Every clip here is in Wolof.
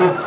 loolu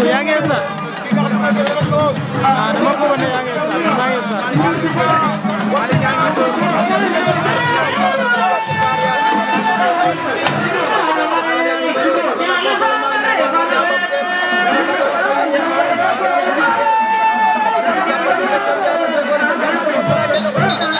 bu yaa ngi sa ah dama foogoon ne yaa ngi sa yaa ngi sa Thank you.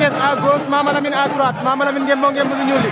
Sathiès à gauche Mama Lamine à droite Mama Lamine ngeen moo ngeen lu ñuul li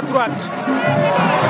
à droite.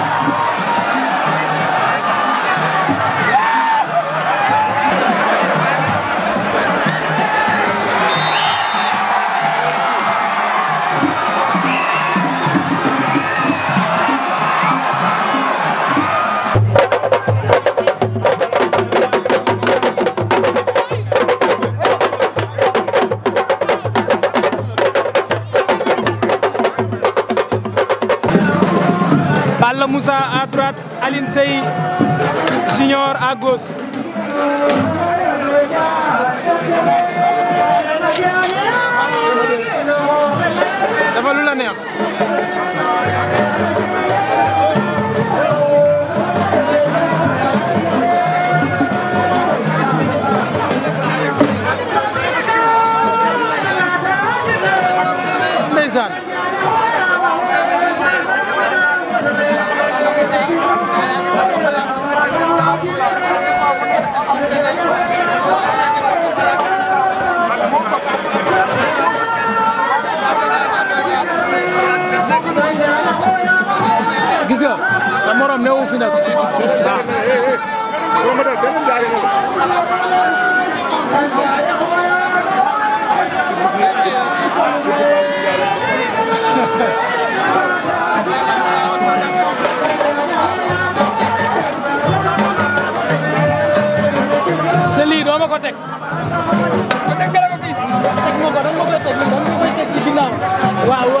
Moussa à droite, Sey Junior à dafa lu la gis nga sa morom newu fi nag baax lii doo ma ko teg ko teg nga ko fii teg ma ko danga ma koy teg danga ma koy teg ci ginnaaw waaw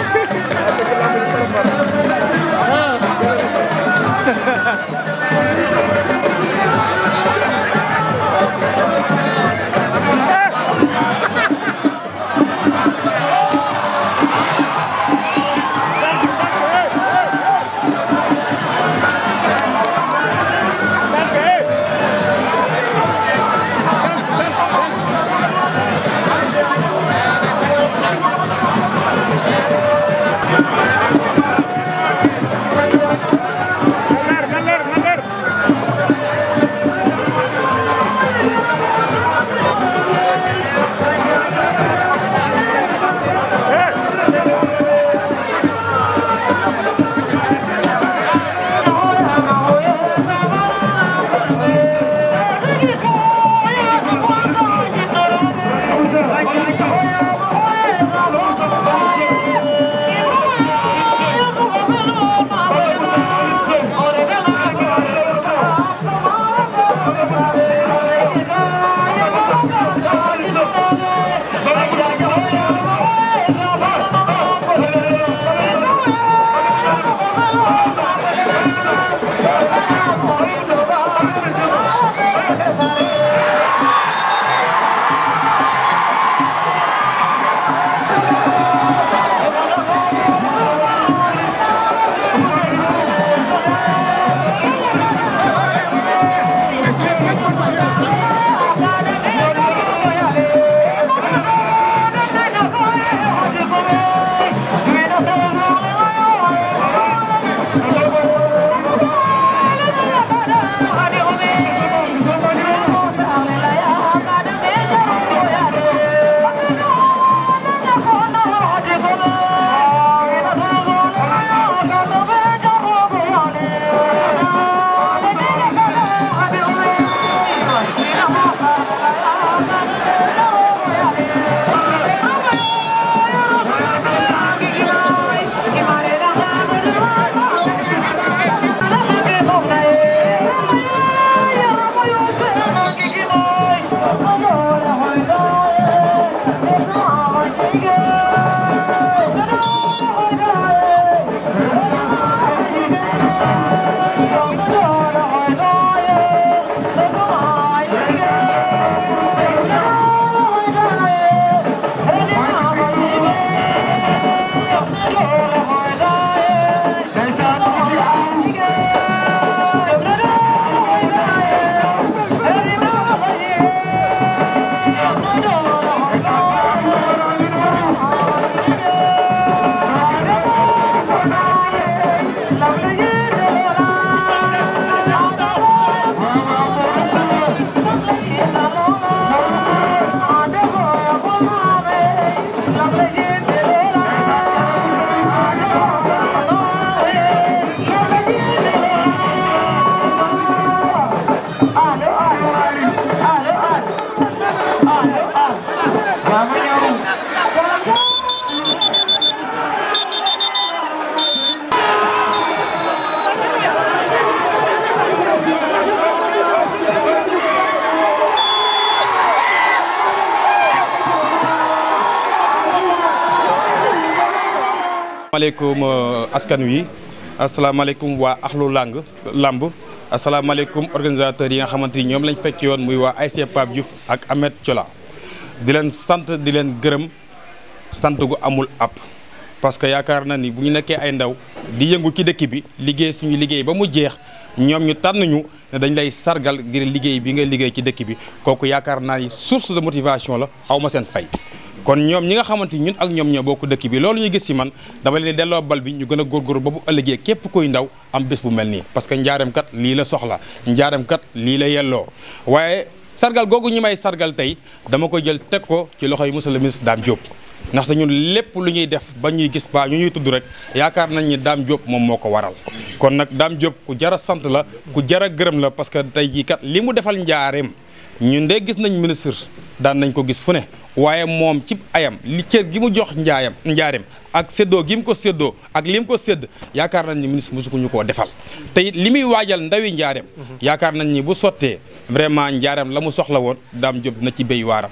maaleykum euh, askan wi asalaamaaleykum waa axlu làng làmb asalaamaaleykum organisateurs yi nga xamante ni ñoom lañ fekk yoon muy waa ASC Pape Diouf ak Ahmed cola di leen sant di leen gërëm sant gu amul app parce que yaakaar na ni bu ñu nekkee ay ndaw di yëngu ci dëkk bi liggéey suñu liggéey ba mu jeex ñoom ñu tànn ñu ne dañ lay sargal ngir liggéey bi ngay liggéey ci dëkk bi kooku yaakaar naa ni source de motivation la xaw ma seen fay kon ñoom ñi nga xamante ni ñun ak ñoom ñoo bokk dëkk bi loolu ñu gis si man dama leen delloo bal bi ñu gën a góorgóorlu ba bu ëllëgee képp koy ndaw am bés bu mel nii parce que njaareem kat lii la soxla njaareem kat lii la yelloo waaye sargal googu ñu may sargal tey dama ko jël teg ko ci loxo yi monsieur le ministre Dame Diop ndaxte ñun lépp lu ñuy def ba ñuy gis ba ñu ñuy tudd rek yaakaar nañ ni Dame Diop moom moo ko waral kon nag Dame Diop ku jar a sant la ku jar a gërëm la parce que tey jii kat li mu defal njaareem ñun de gis nañ ministre daan nañ ko gis fu ne waaye moom ci ayam li cër gi mu jox njaayam njaareem ak séddoo gi mu ko séddoo ak li mu ko sedd yaakaar nañ ni ministre musuku ñu koo defal tey li muy waajal ndawi njaareem yaakaar nañ ni bu sottee vraiment njaareem la mu soxla woon daam jóg na ci bay waaram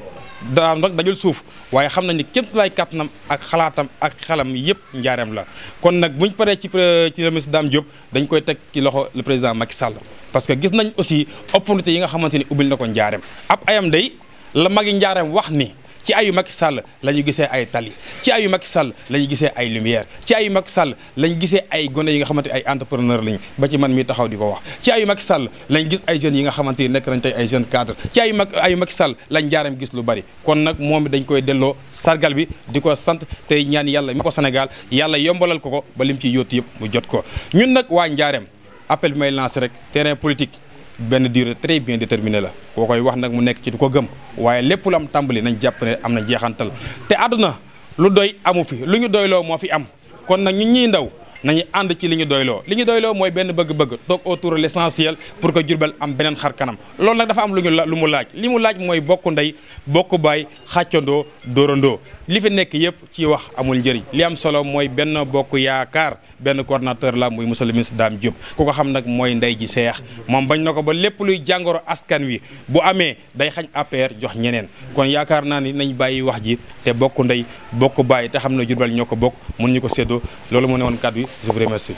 daan rek dajul suuf waaye xam nañ ni képp lay kàttanam ak xalaatam ak xelam yëpp njaareem la kon nag buñ paree ci ci remise Dame job dañ koy teg ci loxo le président Macky Sall parce que gis nañ aussi opportunité yi nga xamante ni ubbil na ko njaareem ab ayam day la magi njaareem wax ni ci ayu Macky Sall la ñu gisee ay tali ci ayu Macky Sall la ñu gisee ay lumière ci ayu Macky Sall lañ gisee ay gone yi nga xamante ay entrepreneur lañ ba ci man mi taxaw di ko wax ci ayu Macky Sall lañ gis ay jeunes yi nga xamante nekk nañ tey ay jeunes cadre ci ayu Macky Sall lañ njaareem gis lu bari kon nag moom dañ koy delloo sargal bi di ko sant tey ñaan yàlla mi ko Sénégal yàlla yombalal ko ko ba lim ci yóotu yëpp mu jot ko ñun nag waa njaareem appel bi may lancé rek terrain politique benn durée très bien déterminée la koo koy wax nag mu nekk ci du ko gëm waaye lépp lu am tàmbali nañ jàpp ne am na jeexantal te àdduna lu doy amu fi lu ñu doyloo moo fi am kon nag ñun ñiy ndaw nañu ànd ci li ñu doyloo li ñu doyloo mooy benn bëgg-bëgg toog autour de l'essentiel pour que Jurbel am beneen xar kanam loolu nag dafa am lu ñu lu mu laaj li mu laaj mooy bokk ndey bokk baay xàccandoo doorandoo li fi nekk yëpp ci wax amul njëriñ li am solo mooy benn bokk yaakaar benn coordonnateur la muy monsieur le ministre Dame Diop ko xam nag mooy ndey ji seex moom bañ na ko ba lépp luy jàngoro askan wi bu amee day xañ APR jox ñeneen kon yaakaar naa ni nañ bàyyi wax ji te bokk ndey bokk bàyyi te xam na Jurbel ñoo ko bokk mun ñu ko séddoo loolu moo ne woon kàddu yi je vous remercie